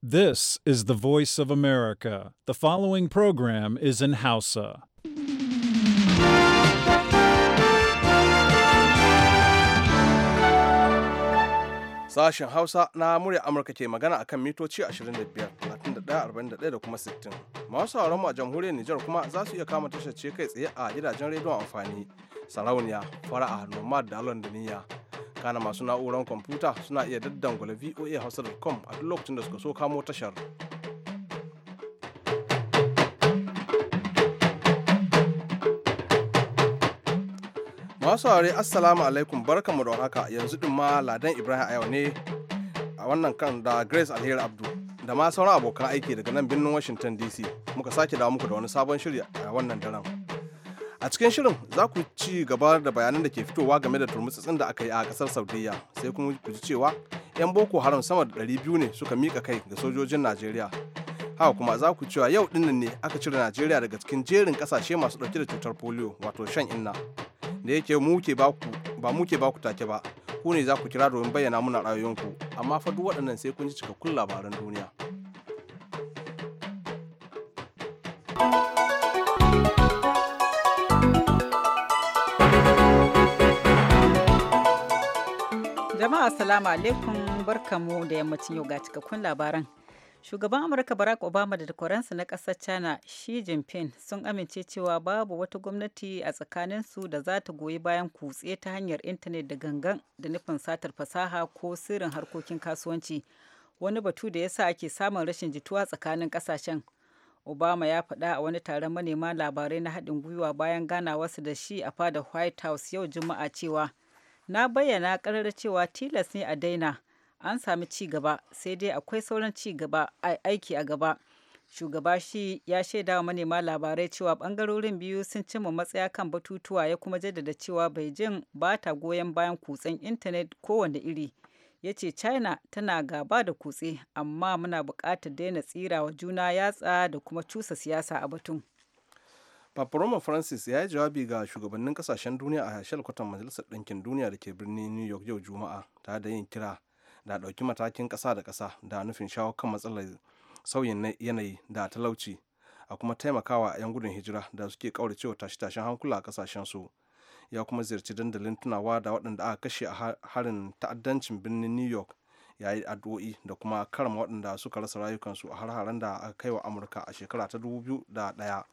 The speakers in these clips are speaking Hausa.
This is the voice of America. The following program is in Hausa. Sashen Hausa na murya Amurka ke magana a kan mitoci 25, 31, da kuma 60. Masu sauraronmu a jamhuriyar Nijar kuma za su iya kama tashar ce kai tsaye a gidajen rediyon amfani, sarauniya, fara'a, nomad da alon da niyya. kana masu na'urar kwamfuta suna iya daddangula voa hausa.com a duk lokacin da suka so kamo tashar masu saurare assalamu alaikum barkamu da haka yanzu din ma ladan ibrahim a yau ne a wannan kan da grace alheri abdu da ma sauran abokan aiki daga nan birnin washington dc muka sake dawo muku da wani sabon shirya a wannan daren a cikin shirin za ku ci gaba da bayanan da ke fitowa game da turmutsatsin da aka yi a kasar saudiya sai kuma ku ji cewa 'yan boko haram sama da 200 ne suka mika kai ga sojojin najeriya haka kuma za ku cewa yau dinnan ne aka cire najeriya daga cikin jerin kasashe masu ɗauke da cutar polio wato shan inna da yake muke ke ba muke baku take ba ku ne za ku kira domin bayyana muna ra'ayoyinku amma fa duk waɗannan sai kun ji cikakkun labaran duniya. Jama'a Assalamu alaikum barkamu da yammacin yau ga cikakkun labaran. Shugaban Amurka Barack Obama da dakwaransa na kasar China Xi Jinping sun amince cewa babu wata gwamnati a tsakaninsu da za ta goyi bayan kutse ta hanyar intanet da gangan da nufin satar fasaha ko sirrin harkokin kasuwanci. Wani batu da ya sa ake samun rashin jituwa tsakanin ƙasashen. Obama ya faɗa a wani taron manema labarai na haɗin gwiwa bayan ganawarsa da shi a fadar White House yau Juma'a cewa na bayyana karar cewa tilas ne a daina an sami ci gaba sai dai akwai sauran ci gaba aiki a gaba shugaba shi ya shaida wa manema labarai cewa bangarorin biyu sun cimma matsaya kan batutuwa ya kuma jaddada cewa beijing ba ta goyon bayan kutsen intanet kowane iri ya ce china tana gaba da kutse amma muna buƙatar daina tsira wa juna yatsa da kuma cusa siyasa a batun. Paparoma Francis ya yi jawabi ga shugabannin kasashen duniya a hashel kwatan Majalisar Ɗinkin Duniya da ke birnin New York yau Juma'a tare da yin kira da ɗauki matakin ƙasa da ƙasa da nufin shawo kan matsalar sauyin yanayi da talauci a kuma taimakawa 'yan gudun hijira da suke kauracewa tashe-tashen hankula a kasashen su. Ya kuma ziyarci dandalin tunawa da waɗanda aka kashe a harin ta'addancin birnin New York ya yi addu'o'i da kuma karama waɗanda suka rasa rayukansu a har-haren da aka kai wa Amurka a shekara ta 2001.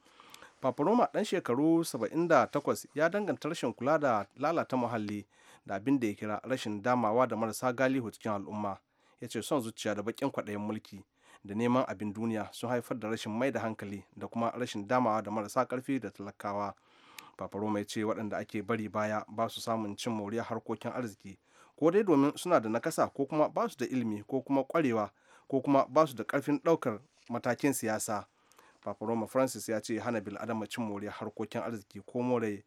Paparoma ɗan shekaru 78 ya danganta rashin kula da lalata muhalli da abin da ya kira rashin damawa da marasa galihu cikin al'umma. Ya ce son zuciya da bakin kwaɗayin mulki da neman abin duniya sun haifar da rashin mai da hankali da kuma rashin damawa da marasa ƙarfi da talakawa. Paparoma ya ce waɗanda ake bari baya ba su samun cin moriya harkokin arziki ko dai domin suna da nakasa ko kuma ba su da ilimi ko kuma kwarewa ko kuma ba su da ƙarfin ɗaukar matakin siyasa. papa roma francis ya ce hana bil'adama cin more harkokin arziki ko more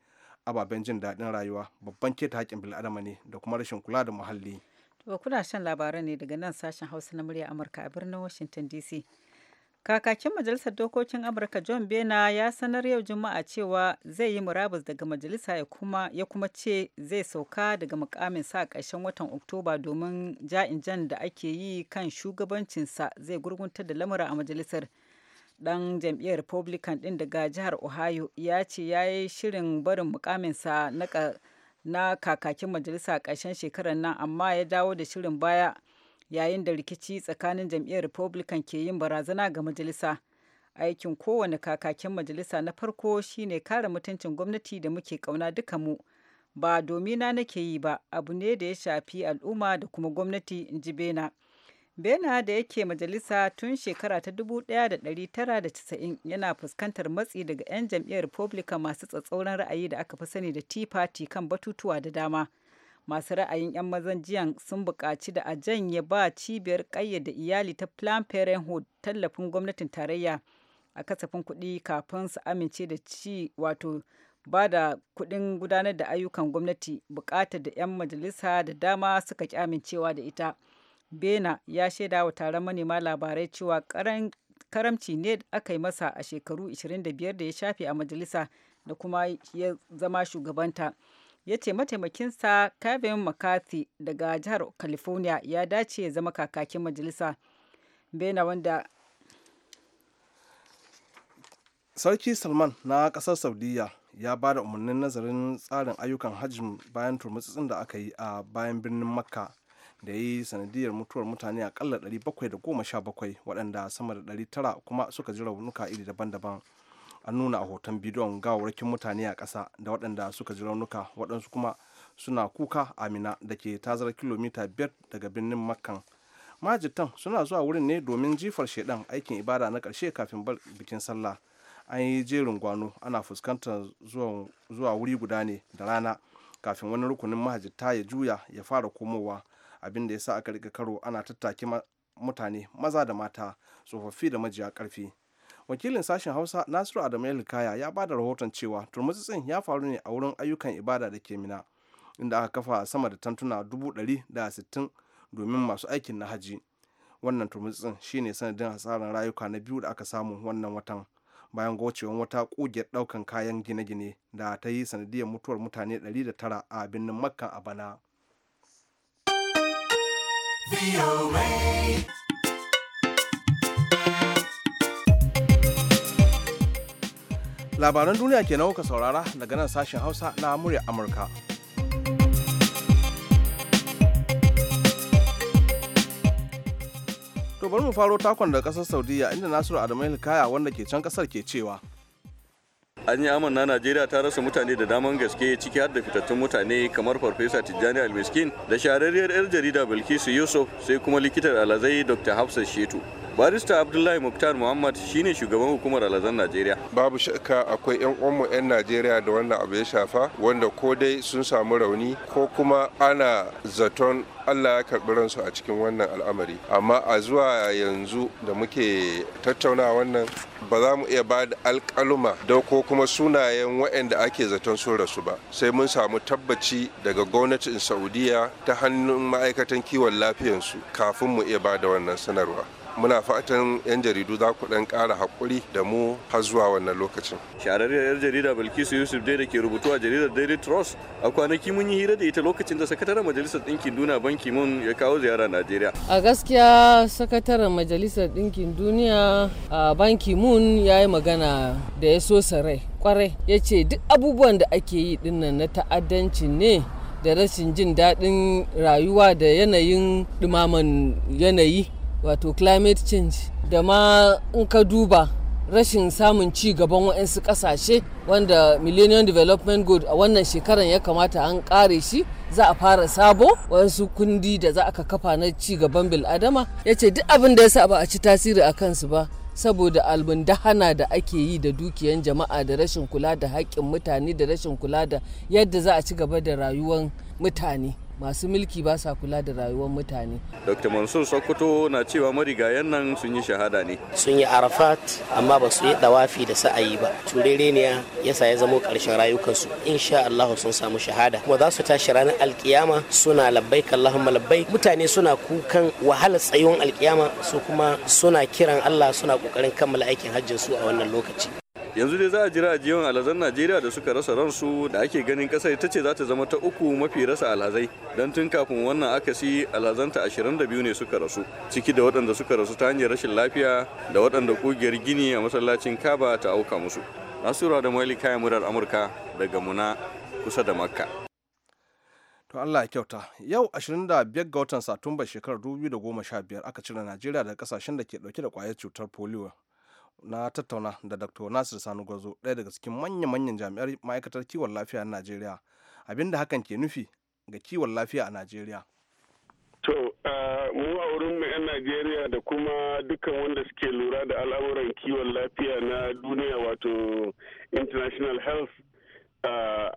ababen jin daɗin rayuwa babban keta haƙƙin bil'adama ne da kuma rashin kula da muhalli to kuna shan labaran ne daga nan sashen hausa na murya amurka a birnin washington dc kakakin majalisar dokokin amurka john bena ya sanar yau juma'a cewa zai yi murabus daga majalisa ya kuma ya kuma ce zai sauka daga mukamin sa ƙarshen watan oktoba domin ja'in jan da ake yi kan shugabancinsa zai gurguntar da lamura a majalisar dan jam'iyyar republican ɗin daga jihar ohio ya ce ya yi shirin barin mukaminsa na kakakin majalisa ƙarshen shekarar nan amma ya dawo da shirin baya yayin da rikici tsakanin jam'iyyar republican ke yin barazana ga majalisa aikin kowane kakakin majalisa na farko shine kare mutuncin gwamnati da muke kauna duka mu ba domina nake yi ba abu ne da ya shafi al'umma da kuma gwamnati in ji bena bena da yake majalisa tun shekara ta 1990 yana fuskantar matsi daga 'yan jam'iyyar republican masu tsatsauran ra'ayi da aka fi sani da tea party kan batutuwa da dama masu ra'ayin 'yan mazan jiyan sun buƙaci da a janye ba cibiyar ƙayyade iyali ta planned parenthood tallafin gwamnatin tarayya a kasafin kuɗi kafin su amince da ci wato ba da kuɗin gudanar da ayyukan gwamnati buƙatar da 'yan majalisa da dama suka ƙi amincewa da ita bena ya shaida wa taron manema labarai cewa karamci ne aka yi masa a shekaru 25 da ya shafe a majalisa da kuma ya zama shugabanta ya ce mataimakinsa kevin mccarthy daga jihar california ya dace ya zama kakakin majalisa bena wanda sarki salman na kasar saudiya ya ba da umarnin nazarin tsarin ayyukan hajji bayan turmutsutsun da aka yi a bayan birnin makka da ya yi sanadiyar mutuwar mutane akalla 717 waɗanda sama da 900 kuma suka ji raunuka iri daban-daban an nuna a hoton bidiyon gawarwakin mutane a ƙasa da waɗanda suka ji raunuka waɗansu kuma suna kuka amina da ke tazar kilomita 5 daga birnin makkan majitan suna zuwa wurin ne domin jifar shaidan aikin ibada na ƙarshe kafin bikin sallah an yi jerin gwano ana fuskantar zuwa wuri guda ne da rana kafin wani rukunin mahajjata ya juya ya fara komowa abin da ya sa aka rika karo ana tattaki mutane maza da mata tsofaffi da majiya karfi wakilin sashen hausa nasiru adamu ya ya bada rahoton cewa turmutsitsin ya faru ne a wurin ayyukan ibada da ke mina inda aka kafa sama da tantuna dubu ɗari da sittin domin masu aikin na haji wannan turmutsin shine sanadin hasarar rayuka na biyu da aka samu wannan watan bayan gocewan wata kugiyar ɗaukan kayan gine-gine da ta yi sanadiyar mutuwar mutane ɗari da tara a birnin makka a bana labaran duniya ke ka saurara daga nan sashen hausa na murya amurka to bari mu faro takon da kasar saudiya inda nasiru adamu kaya wanda ke can kasar ke cewa an yi amanna najeriya ta rasa mutane da daman gaske ciki har da fitattun mutane kamar farfesa tijjani almiskin da shahararriyar yar jarida bilkisu yusuf sai kuma likitar alazai dr hafsa shetu barista abdullahi muktar muhammad shine shugaban hukumar alazan najeriya babu shaka akwai yan uwanmu yan najeriya da wannan abu ya shafa wanda ko dai sun samu rauni ko kuma ana zaton allah ya karɓi ransu a cikin wannan al'amari amma a zuwa yanzu da muke tattauna wannan ba za mu iya ba da alƙaluma da ko kuma sunayen waɗanda ake zaton sun rasu ba sai mun samu tabbaci daga gwamnatin saudiya ta hannun ma'aikatan kiwon lafiyansu kafin mu iya ba da wannan sanarwa muna fatan 'yan jaridu za ku ɗan ƙara hakuri da mu har zuwa wannan lokacin. shahararriyar 'yar jarida bilkisu yusuf dai da ke rubutu a jaridar daily trust a kwanaki mun yi hira da ita lokacin da sakataren majalisar ɗinkin duniya banki mun ya kawo ziyara najeriya. a gaskiya sakataren majalisar ɗinkin duniya a banki mun ya yi magana da ya so sarai kwarai ya ce duk abubuwan da ake yi dinnan na ta'addanci ne da rashin jin daɗin rayuwa da yanayin ɗumaman yanayi wato climate change da ma in ka duba rashin samun ci gaban waɗansu ƙasashe wanda millennium development goal a wannan shekaran ya kamata an kare shi za a fara sabo wasu kundi da za aka kafa na ci gaban biladama ya ce duk abin da ya sa ba a ci tasiri a kansu ba saboda dahana da ake yi da dukiyan jama'a da rashin kula da haƙƙin mutane da rashin kula da yadda za a ci gaba da rayuwar mutane masu mulki ba sa kula da rayuwar mutane. Dr. Mansur Sokoto na cewa marigayen nan sun yi shahada ne. Sun yi Arafat amma ba su yi dawafi da sa'ayi ba. Turere ne yasa ya zamo karshen rayukansu. Insha Allah sun samu shahada. Kuma za su tashi ranar alkiyama suna labbai Allahumma malabbai. Mutane suna kukan wahalar tsayuwar alkiyama su kuma suna kiran Allah suna ƙoƙarin kammala aikin hajjin su a wannan lokaci. yanzu dai za a jira jiyon alhazan najeriya da suka rasa ransu da ake ganin kasar ita ce za ta zama ta uku mafi rasa alhazai don tun kafin wannan akasi alazanta 22 ne suka rasu ciki da waɗanda suka rasu ta hanyar rashin lafiya da waɗanda kugiyar gini a masallacin kaba ta auka musu nasura da mali kayan murar amurka daga muna kusa da makka to allah ya kyauta yau 25 ga watan satumba shekarar 2015 aka cire najeriya daga kasashen da ke dauke da kwayar cutar polio na tattauna da dr nasir sani gwazo ɗaya daga cikin manya-manyan jami'ar ma'aikatar kiwon lafiya a najeriya abinda hakan ke nufi ga kiwon lafiya a najeriya to mu a wurin mu 'yan najeriya da kuma dukkan wanda suke lura da al'amuran kiwon lafiya na duniya wato international health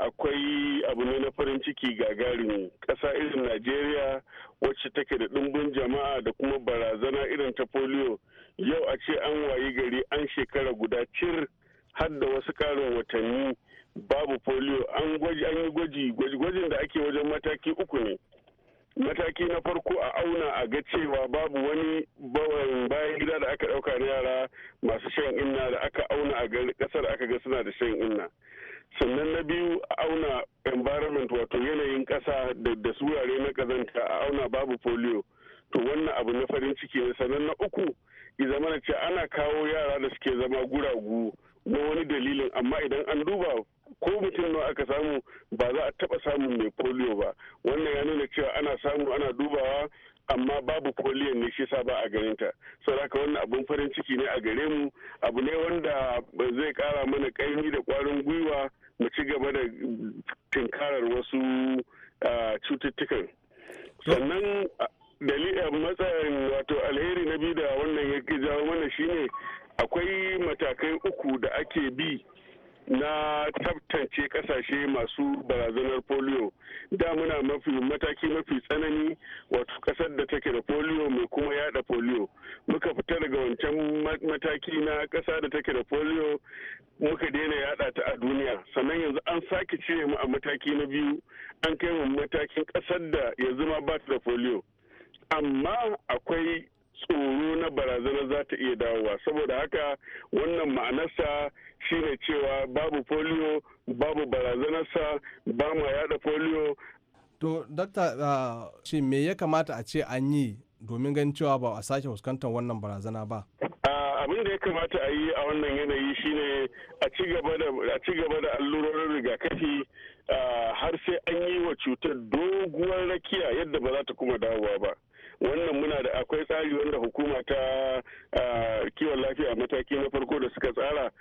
akwai abu ne na farin ciki gagarin ƙasa irin najeriya wacce take da ɗumbin jama'a da kuma barazana irin ta polio yau a ce an wayi gari an shekara guda cir har da wasu ƙarin watanni babu polio an yi gwaji gwajin da ake wajen mataki uku ne mataki na farko a auna a ga cewa babu wani bayan gida da aka ɗauka na yara masu shan inna da aka auna a ƙasar aka ga suna da shan inna sannan na biyu auna environment wato yanayin kasa da wurare na kazanta a auna babu polio to wannan abu na farin ciki ne sannan na uku zama na ce ana kawo yara da suke zama guragu na wani dalilin amma idan an duba ko mutum nawa aka samu ba za a taba samun mai polio ba wannan ya nuna cewa ana samu ana dubawa amma babu koliyan ne shi ba a ganin ta saboda wannan abun farin ciki ne a gare mu abu ne wanda ba zai kara mana kaini da kwarin gwiwa mu ci gaba da tinkarar wasu cututtukan sannan dalilin matsayin wato alheri na biyu da wannan ya jawo mana shine akwai matakai uku da ake bi na tabtace kasashe masu barazanar polio da muna mafi mataki mafi tsanani wato kasar da take da polio mai kuma yada polio muka fita daga wancan mataki na kasa da take da polio muka daina yada ta a duniya sannan yanzu an sake cire mu a mataki na biyu an kai mu matakin kasar da yanzu ma ba ta da polio amma akwai tsoro na barazanar za ta iya dawowa saboda haka wannan ma'anarsa shine cewa babu polio babu barazanarsa ba ma yada polio to dakta ah, shi me ya kamata a ce an yi domin ganin cewa ba a sake fuskantar wannan barazana ba ah, abin da ya kamata a yi a wannan yanayi shine a ci gaba da allurorin rigakafi ah, har sai an yi wa cutar doguwar rakiya yadda ba za ta kuma dawowa ba wannan muna da akwai tsari wanda hukuma ta kiwon lafiya mataki na farko da suka tsara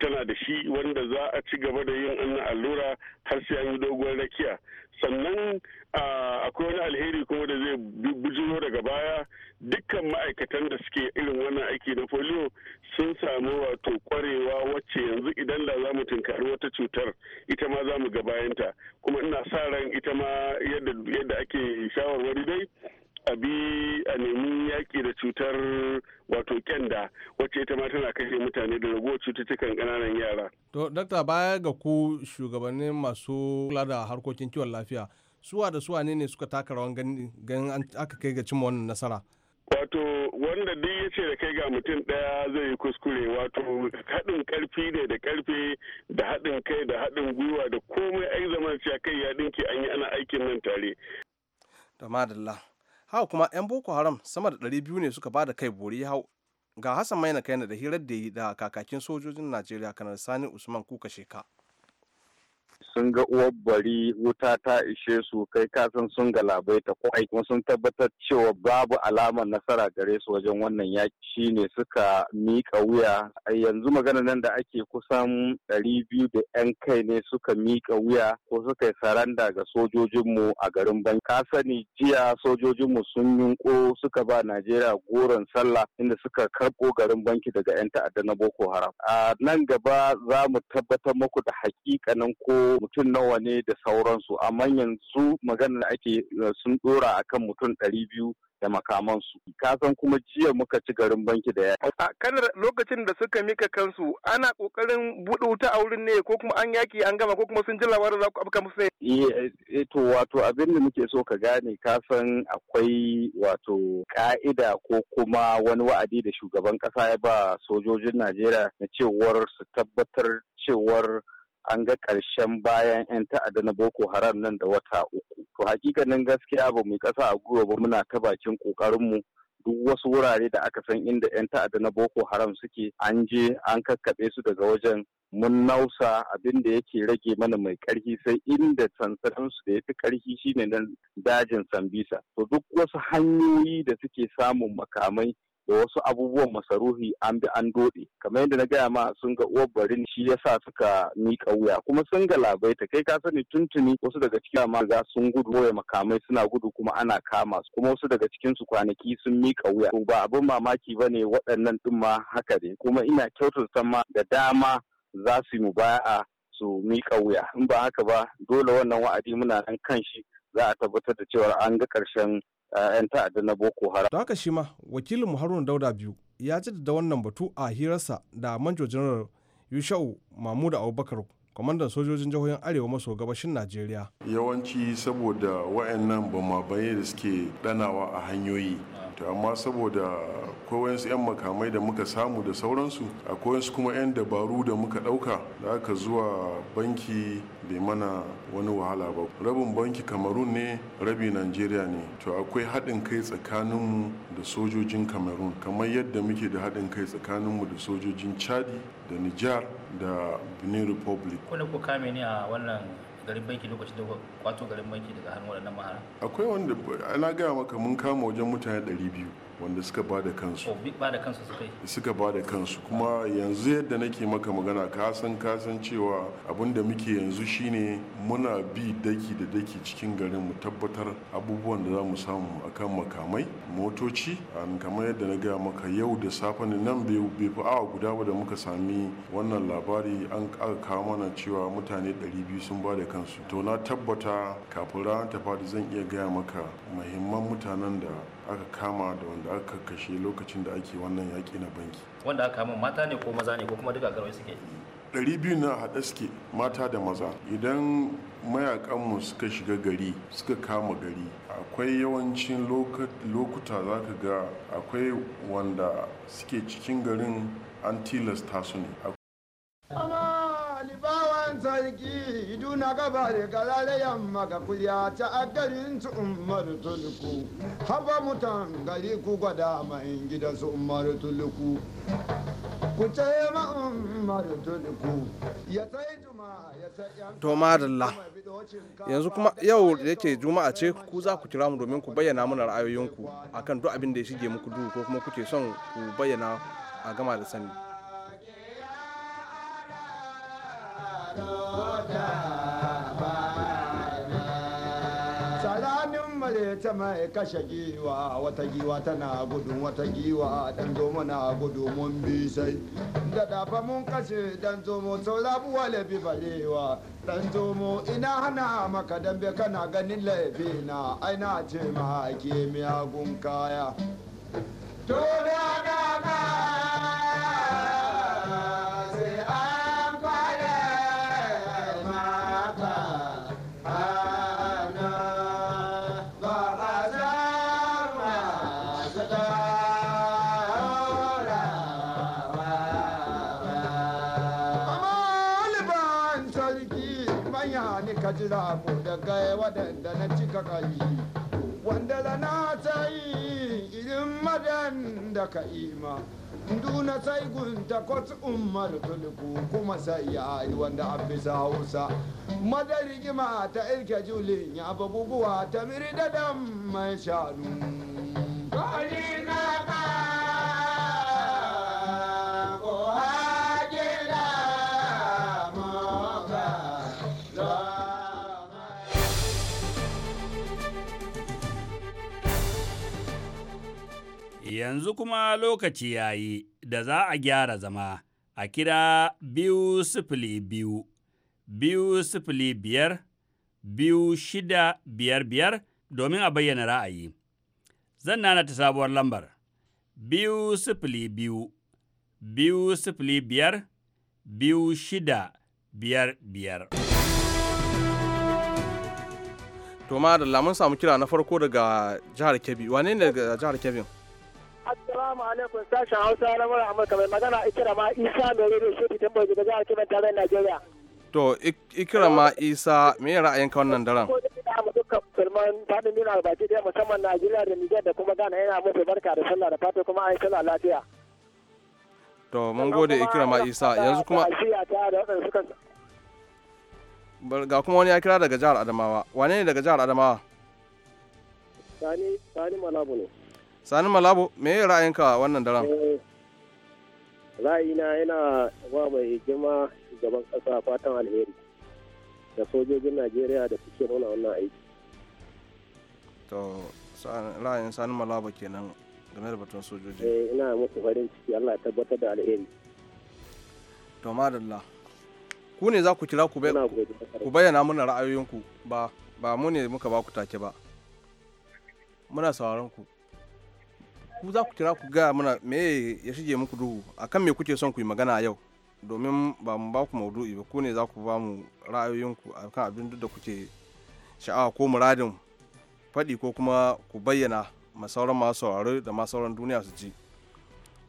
tana da shi wanda za a ci gaba da yin annan allura har sai an yi doguwar rakiya sannan akwai wani alheri kuma da zai bujiro daga baya dukkan ma'aikatan da suke irin wannan aiki na polio sun samu wato kwarewa wacce yanzu idan da za mu tunkari wata cutar ita ma za mu gabayanta kuma ina sa ran ita ma yadda ake shawarwari dai a bi a nemi yaƙi da cutar wato kyanda wacce ita ma tana kashe mutane da ragowar cututtukan ƙananan yara. To, dakta baya ga ku shugabannin masu kula da harkokin kiwon lafiya, suwa da suwa ne ne suka taka rawan ganin aka kai ga cimma wannan nasara? wato wanda duk ya ce da kai ga mutum ɗaya zai yi kuskure wato haɗin ƙarfi ne da ƙarfe da haɗin kai da haɗin gwiwa da komai ai zaman kai ya ɗinki an yi ana aikin nan tare. da madalla haka kuma 'yan boko haram sama da 200 ne suka bada kai bori hau ga hassan maina kaina da hirar da yi da kakakin sojojin najeriya kanar sani usman kuka sheka sun ga uwar bari wuta ta ishe su kai kasan sun galabai ta kwai kuma sun tabbatar cewa babu alamar nasara gare su wajen wannan yaki ne suka mika wuya yanzu magana nan da ake kusan ɗari biyu da yan kai ne suka mika wuya ko suka yi saranda ga sojojinmu a garin ban ka sani jiya sojojinmu sun yunko suka ba najeriya goron sallah inda suka karɓo garin banki daga yan ta'adda na boko haram a nan gaba za mu tabbatar muku da hakikanin ko mutum nawa ne da sauransu amma yanzu maganar ake eh, sun dora kan mutum ɗari biyu da makamansu ka san kuma jiya muka ci garin banki da yaki. a kanar lokacin da suka mika kansu ana kokarin buɗe wuta a wurin ne ko kuma an yaki an gama ko kuma sun ji labarin za ku abuka musu ne eh, eh, to wato abin da muke so ka gane ka san akwai wato ka'ida ko kuma wani wa'adi da shugaban kasa ya ba sojojin najeriya na cewar su tabbatar cewar an ga ƙarshen bayan 'yan ta'adda na boko haram nan da wata uku to hakikanin gaskiya ba mu ƙasa a gura ba muna ta bakin ƙoƙarinmu duk wasu wurare da aka san inda 'yan ta'adda na boko haram suke an je an kakkaɓe su daga wajen mun nausa abin da yake rage mana mai karfi sai inda sansaninsu da ya fi karfi shine nan dajin sambisa to duk wasu hanyoyi da suke samun makamai da wasu abubuwan masarufi an bi an dode kamar yadda na gaya ma sun ga uwar barin shi yasa suka miƙa wuya kuma sun ga ta, kai ka sani tuntuni wasu daga cikin ma ga sun gudu boye makamai suna gudu kuma ana kama su kuma wasu daga cikin su kwanaki sun miƙa wuya to ba abin mamaki ba ne waɗannan ɗin ma haka ne kuma ina kyautata ma da dama za su yi mubaya'a su miƙa wuya in ba haka ba dole wannan wa'adi muna nan kan shi za a tabbatar da cewa an ga ƙarshen 'yan ta'adda na boko haram. da haka shi ma wakilin haruna dauda biyu ya da wannan batu a hirarsa da manjo janar yusha'u mahmud abubakar kwamandan sojojin jihohin arewa maso gabashin najeriya yawanci saboda wayannan ba ma da suke danawa a hanyoyi to amma saboda kowansu 'yan makamai da muka samu da sauransu a kowansu kuma 'yan dabaru da muka ɗauka da aka zuwa banki bai mana wani wahala ba rabin banki kamarun ne rabi nigeria ne to akwai haɗin kai tsakaninmu da sojojin kamarun kamar yadda muke da haɗin kai tsakaninmu da sojojin chadi da nijar da benin republic kuna ku kame ne a wannan garin banki lokacin da kwato garin banki daga hannun waɗannan mahara akwai wanda ana gaya maka mun kama wajen mutane 200 wanda suka ba da kansu suka ba da kansu kuma yanzu yadda nake maka magana kasan kasan cewa abin da muke yanzu shine muna bi daki da daki cikin garin mu tabbatar abubuwan da za mu samu akan makamai motoci kamar yadda na gaya maka yau da safe nan bai fi awa guda ba da muka sami wannan labari an aka kawo mana cewa mutane 200 sun ba da kansu to na tabbata kafin ranar tafadi zan iya gaya maka muhimman mutanen da aka kama da wanda aka kashe lokacin da ake wannan yaƙi na banki wanda aka kama mata ne ko maza ne ko kuma duka garwai suke ɗari biyu na haɗe suke mata da maza idan mayakanmu suka shiga gari suka kama gari akwai yawancin lokuta za ka ga akwai wanda suke cikin garin an tilasta su ne sarki iduna gabar galare galale yamma ga kulya ta a garin su umar tulku haba mutan gari ku gwada mai gidan su umar tulku ku ce ma umar tulku ya sai juma ya yan to madalla yanzu kuma yau da yake juma'a ce ku za ku kira mu domin ku bayyana mana ra'ayoyinku akan duk abin da ya shige muku duhu ko kuma kuke son ku bayyana a gama da sani ta mai kashe giwa wata giwa tana gudun wata giwa dan zomo na gudu mun bi sai da dafa mun kashe dan zomo sau rabuwa laifi balewa, dan zomo ina hana maka dambe kana ganin laifi na aina ce ma ke miyagun kaya to da ka kai wanda lana ta yi irin madan da ka ima duna sai gunta kwat umar tulku kuma sai ya yi wanda an bisa hausa madar rigima ta irke julin ya babubuwa ta miri da mai shanu. Kali na yanzu kuma lokaci ya yi da za a gyara zama a kira biyu sifili biyu, biyu sifili biyar, biyu shida biyar biyar domin a bayyana ra'ayi. Zan nana ta sabuwar lambar, biyu sifili biyu, biyu sifili biyar, biyu shida biyar biyar. To ma da lamun samu kira na farko daga jihar Kebbi, wane ne daga jihar Kebbi? Assalamu alaikum sashen Hausa na mura Amurka mai magana Ikirama Isa mai rediyo shi ta bai daga jihar Kebbi tare Najeriya. To Ikirama Isa me ya ra'ayinka wannan daren? dukkan faɗin baki ɗaya musamman Najeriya da Nijar da kuma Ghana yana barka da sallah da fata kuma an sallah lafiya. To mun gode Ikirama Isa yanzu kuma ga kuma wani ya kira daga jihar Adamawa. Wane ne daga jihar Adamawa? Sani Sani Malabu ne. sani malabo me ya ra'ayinka wannan daren eh, ra'ayina yana wa mai girma shugaban kasa fatan alheri da sojojin najeriya da suke nuna wannan aiki to ra'ayin sani malabo kenan game da batun sojoji eh ina musu farin ciki allah ya tabbatar da alheri to madalla ku ne za ku kira ku bayyana mana ra'ayoyinku ba ba mu ne muka ba ku take ba muna sauraron ku ku za ku kira ku gaya mana me ya shige muku duhu akan me kuke son ku yi magana a yau domin ba mu ba ku maudu'i ba ko ne za ku ba mu ra'ayoyinku akan abin duk da kuke sha'awa ko muradin faɗi ko kuma ku bayyana ma sauran masu sauraro da ma sauran duniya su ji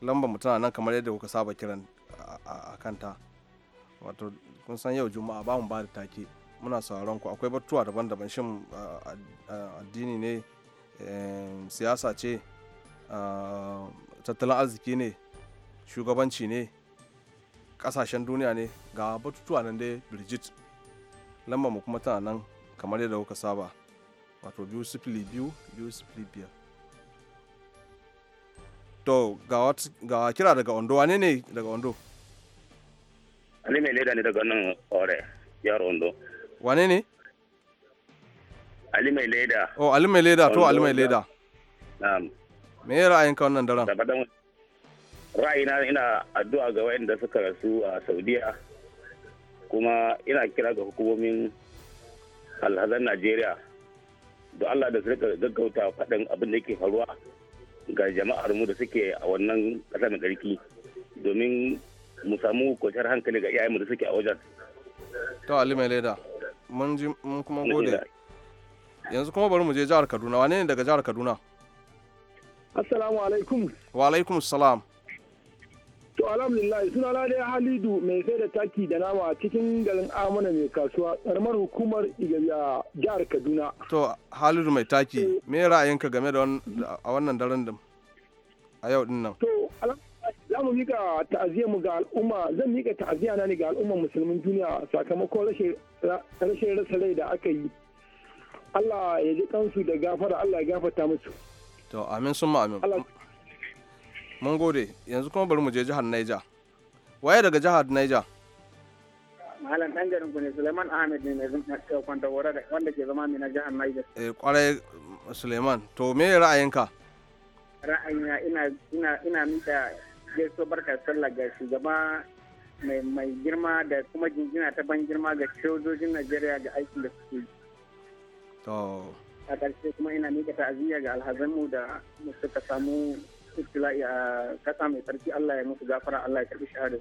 lamba mu tana nan kamar yadda kuka saba kiran a kanta wato kun san yau juma'a ba mu ba da take muna sauraron ku akwai batuwa daban-daban shin addini ne eh, siyasa ce Ah, tattalin arziki ne shugabanci ne kasashen duniya ne ga batutuwa nan dai birgit lamba mu kuma tana nan kamar yadda kuka saba wato biyu sifili biyu biyu sifili biyar to ga kira daga ondo wane ne daga ondo Ali mai leda ne daga nan ore yaro ondo wane ne ali mai leda oh ali mai leda to ali mai leda na'am me ya ra'ayinka wannan daren ra'ayina ina addu'a ga wayanda suka rasu a saudiya kuma ina kira ga hukumomin alhazan najeriya da allah da suka gaggauta faɗin abin da yake faruwa ga jama'ar mu da suke a wannan ƙasa mai tsarki domin mu samu kwanciyar hankali ga iyayenmu da suke a wajen to ali mai leda mun kuma gode yanzu kuma bari mu je jihar kaduna wane ne daga jihar kaduna Assalamu alaikum. Wa alaikum salam. To alhamdulillah suna na dai Halidu mai sai da taki da nama cikin garin Amana mai kasuwa karamar hukumar Igabiya jihar Kaduna. To Halidu mai taki me ra'ayinka game da wannan daren da a yau din nan? To za mu mika ta'aziyar mu ga al'umma zan mika ta'aziyya na ne ga al'ummar musulmin duniya sakamakon rashin rasa rai da aka yi. Allah ya ji kansu da gafara Allah ya gafarta musu. to amin sun ma amin mun gode yanzu kuma bari mu je jihar Niger waye daga jihar Niger malam dan garin ne Suleiman Ahmed ne mai zama kwanta wara da wanda ke zama mina jihar Niger eh kwarai Suleiman to me ra'ayinka ra'ayina ina ina ina so barka sallah ga shugaba mai mai girma da kuma jinjina ta ban girma ga sojojin Najeriya ga aikin da suke to a ƙarshe kuma ina miƙa ta'aziyya ga alhazanmu da suka samu iftila'i a ƙasa mai tsarki Allah ya musu gafara Allah ya karɓi shahadar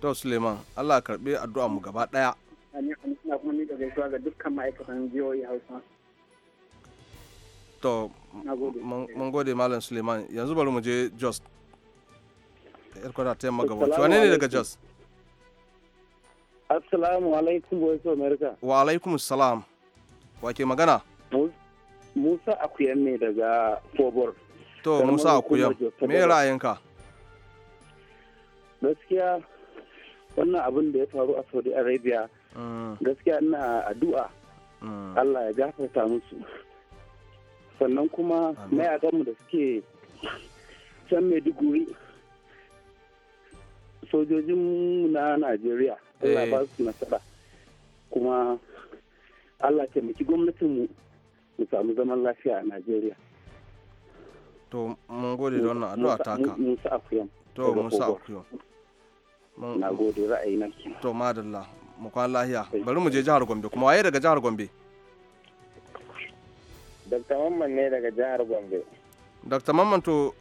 to Suleiman Allah ya karɓi addu'a mu gaba ɗaya amin ina kuma miƙa gaisuwa ga dukkan ma'aikatan jihohi Hausa to mun gode Malam Suleiman yanzu bari mu je Jos yar kwata ta yamma gaba wane ne daga Jos Assalamu alaikum wa alaikum salam. wake magana musa akuyan ne daga fobor to musa akuyan me ra'ayinka gaskiya wannan abin da ya faru a saudi arabia mm. gaskiya ina addu'a mm. allah ya gafarta musu sannan kuma mayakanmu da suke can maiduguri sojojinmu na najeriya allah eh. ba su nasara kuma Allah taimaki gwamnatin mu samu zaman lafiya a Najeriya. To mun gode da wannan addu'a taka. Musa Akuyam. To Musa Akuyam. Na gode ra'ayi na. To madalla mu kwan lahiya. Bari mu je jihar Gombe kuma waye daga jihar Gombe? Dr. Mamman ne daga jihar Gombe. Dr. Mamman to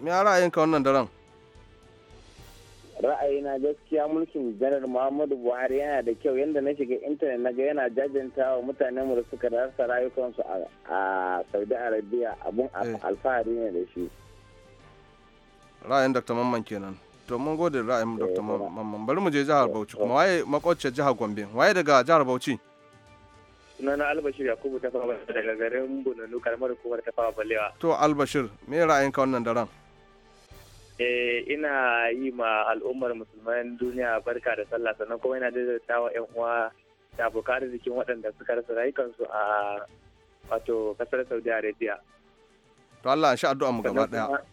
me ra'ayinka wannan daren? ra'ayina gaskiya mulkin janar muhammadu buhari yana da kyau yadda na shiga intanet na ga yana jajanta wa mutanen mu da suka rasa rayukansu a saudi arabia abun eh. alfahari ne da shi ra'ayin dr mamman kenan to mun gode ra'ayin eh, dr mamman bari mu je jihar eh, bauchi kuma waye makwacce jihar gombe waye daga jihar bauchi sunana albashir yakubu ta fawa daga garin bunanu kalmar kuma ta fawa balewa to albashir me ra'ayinka wannan daren Eh, ina yi ma al'ummar musulman duniya barka da sallah sannan kuma ina daidaita wa 'yan uwa da bukari jikin waɗanda suka rasa rayukansu a wato kasar saudi arabia to allah sha addu'a mu gaba daya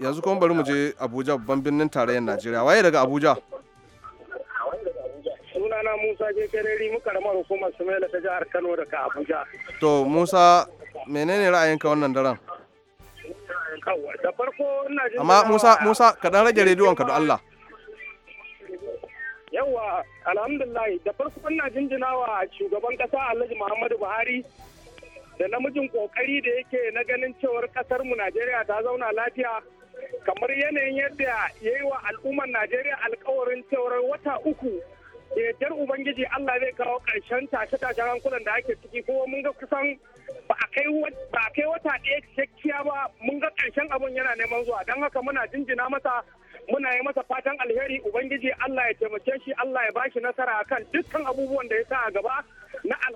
yanzu kuma bari mu je abuja babban birnin tarayyar najeriya waye daga abuja sunana musa je kereri mu rama hukumar sumaila ta jihar kano daga abuja to musa menene ra'ayinka wannan daren da amma Musa Musa ka dan rage rediyon ka don Allah yawa alhamdulillah da farko ina jinjinawa shugaban kasa Alhaji Muhammadu Buhari da namijin kokari da yake na ganin cewar kasar mu Najeriya ta zauna lafiya kamar yanayin yadda ya yi wa al'ummar Najeriya alkawarin cewar wata uku da ubangiji Allah zai kawo ƙarshen tashe tashe hankulan da ake ciki kuma mun ga kusan ba a kai wata ɗaya cikakkiya ba mun ga ƙarshen abun yana neman zuwa don haka muna jinjina masa muna yi masa fatan alheri ubangiji Allah ya taimake shi Allah ya bashi nasara akan dukkan abubuwan da ya sa a gaba na al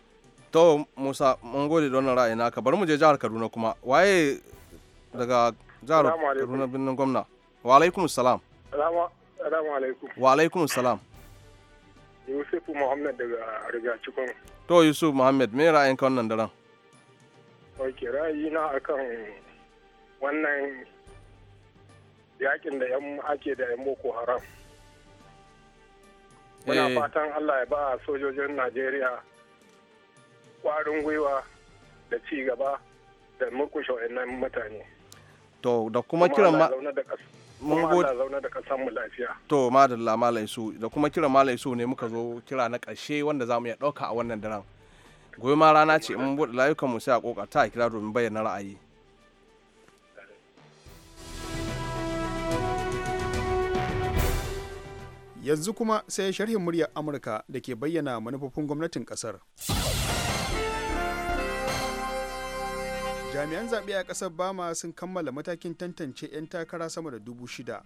to Musa mun gode da wannan ra'ayi naka bari mu je jihar Kaduna kuma waye daga jihar Kaduna birnin gwamna wa alaikum salam wa alaikum salam Yusuf Muhammad daga Rigacikun. To Yusuf Muhammad me ra'ayin kan nan daren? Ok ra'ayi na akan wannan yakin da yan ake da yan Boko Haram. Muna eh. fatan Allah ya ba sojojin Najeriya kwarin gwiwa da ci gaba da murkushe wa'annan mutane. To da kuma kiran ma. mun gode zauna da kasan mu lafiya to madalla malai da kuma kira malai su ne muka zo kira na karshe wanda zamu iya dauka a wannan daren gobe ma rana ce in mun bude layukan mu sai a kokarta kira domin bayyana ra'ayi yanzu kuma sai sharhin muryar amurka da ke bayyana manufofin gwamnatin kasar jami'an zaɓe a ƙasar bama sun kammala matakin tantance 'yan takara sama da dubu shida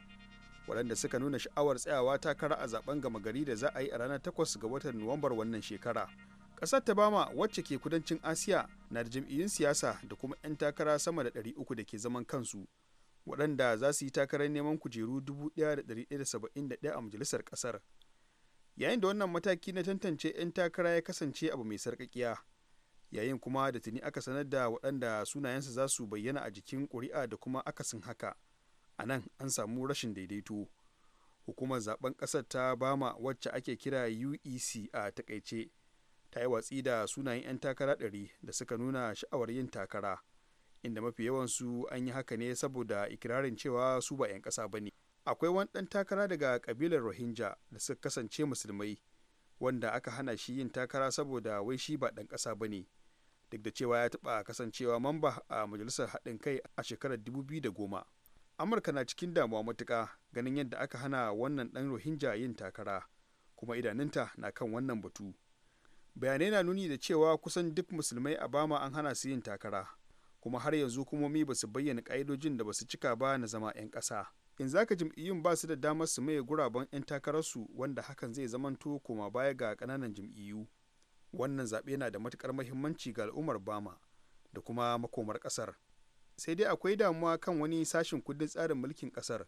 waɗanda suka nuna sha'awar tsayawa takara a zaben gama gari da za a yi a ranar takwas ga watan nuwambar wannan shekara ƙasar ta bama wacce ke kudancin asiya na da jam'iyyun siyasa da kuma 'yan takara sama da 300 da ke zaman kansu waɗanda za su yi takarar neman kujeru 1,171 a majalisar ƙasar yayin da wannan mataki na tantance 'yan takara ya kasance abu mai sarƙaƙiya yayin kuma da tuni aka sanar da waɗanda sunayensa za su bayyana a jikin ƙuri'a da kuma akasin haka a nan an samu rashin daidaito hukumar zaben ƙasar ta bama wacce ake kira uec a takaice ta yi watsi da sunayen 'yan takara ɗari da suka nuna sha'awar yin takara inda mafi yawansu an yi haka ne saboda ikirarin cewa su ba 'yan ƙasa ba ne akwai wani ɗan takara daga ƙabilar rohingya da suka kasance musulmai wanda aka hana shi yin takara saboda wai shi ba ɗan ƙasa ba ne duk da cewa ya taɓa kasancewa mamba a majalisar haɗin kai a shekarar 2010 amurka na cikin damuwa matuka ganin yadda aka hana wannan ɗan rohingya yin takara kuma idanunta na kan wannan batu bayanai na nuni da cewa kusan duk musulmai a bama an hana su yin takara kuma har yanzu hukumomi ba su bayyana ƙa'idojin da ba su cika ba na zama 'yan ƙasa in zaka jam'iyyun ba su da damar su maye guraben 'yan takararsu wanda hakan zai zamanto koma baya ga ƙananan jam'iyyu wannan zaɓe na da matuƙar mahimmanci ga al'ummar bama da kuma makomar ƙasar sai dai akwai damuwa kan wani sashin kundin tsarin mulkin ƙasar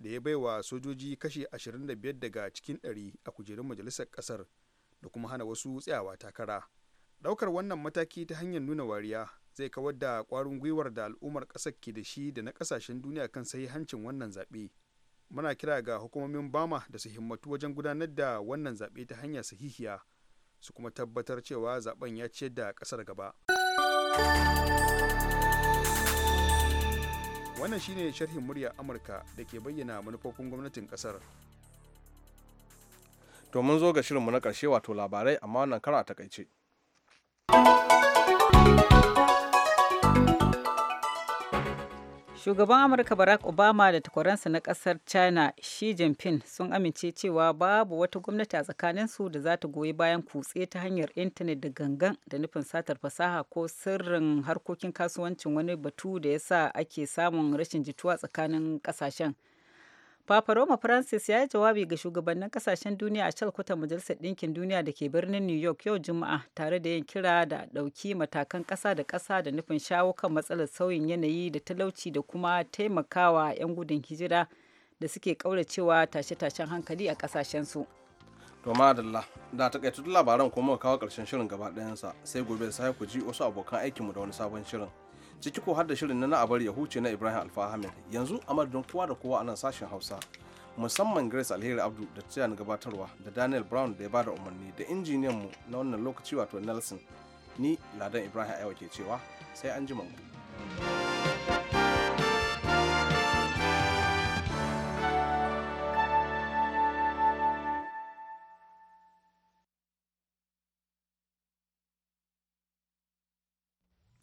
da ya baiwa sojoji kashi 25 daga cikin 100 a kujerun majalisar ƙasar da kuma hana wasu tsayawa takara ɗaukar wannan mataki ta hanyar nuna wariya zai kawar da ƙwarin gwiwar da al'ummar ƙasar ke da shi da na ƙasashen duniya kan hancin wannan zaɓe muna kira ga hukumomin bama da su himmatu wajen gudanar da wannan zaɓe ta hanyar sahihiya su kuma tabbatar cewa zaben ya ce da kasar gaba wannan shine sharhin murya amurka da ke bayyana manufofin gwamnatin kasar to mun zo ga shirinmu na ƙarshe wato labarai amma wannan kara a takaice. shugaban amurka barack obama da takwaransa na kasar china xi jinping sun amince cewa babu wata gwamnati a tsakanin su da za ta goyi bayan kutse ta hanyar intanet da gangan da nufin satar fasaha ko sirrin harkokin kasuwancin wani batu da ya sa ake samun rashin jituwa tsakanin kasashen Papa Roma Francis ya yi jawabi ga shugabannin kasashen duniya a calkutan Majalisar Ɗinkin Duniya da ke birnin New York yau Juma'a tare da yin kira da ɗauki matakan ƙasa da ƙasa da nufin shawo kan matsalar sauyin yanayi da talauci da kuma taimakawa 'yan gudun hijira da suke ƙauracewa tashe-tashen hankali a ƙasashensu. To madalla, da takaitattun labaran kuma kawo ƙarshen shirin gaba ɗayansa sai gobe da ku ji wasu abokan aikinmu da wani sabon shirin. ciki ko har da shirin na na'abar ya na ibrahim alfahamid yanzu a madadin kowa da kowa a nan sashen hausa musamman grace alheri abdu da tsayan gabatarwa da daniel brown da ya bada umarni da injiniyan mu na wannan lokaci wato nelson ni ladan ibrahim ayawa ke cewa sai an ji ku.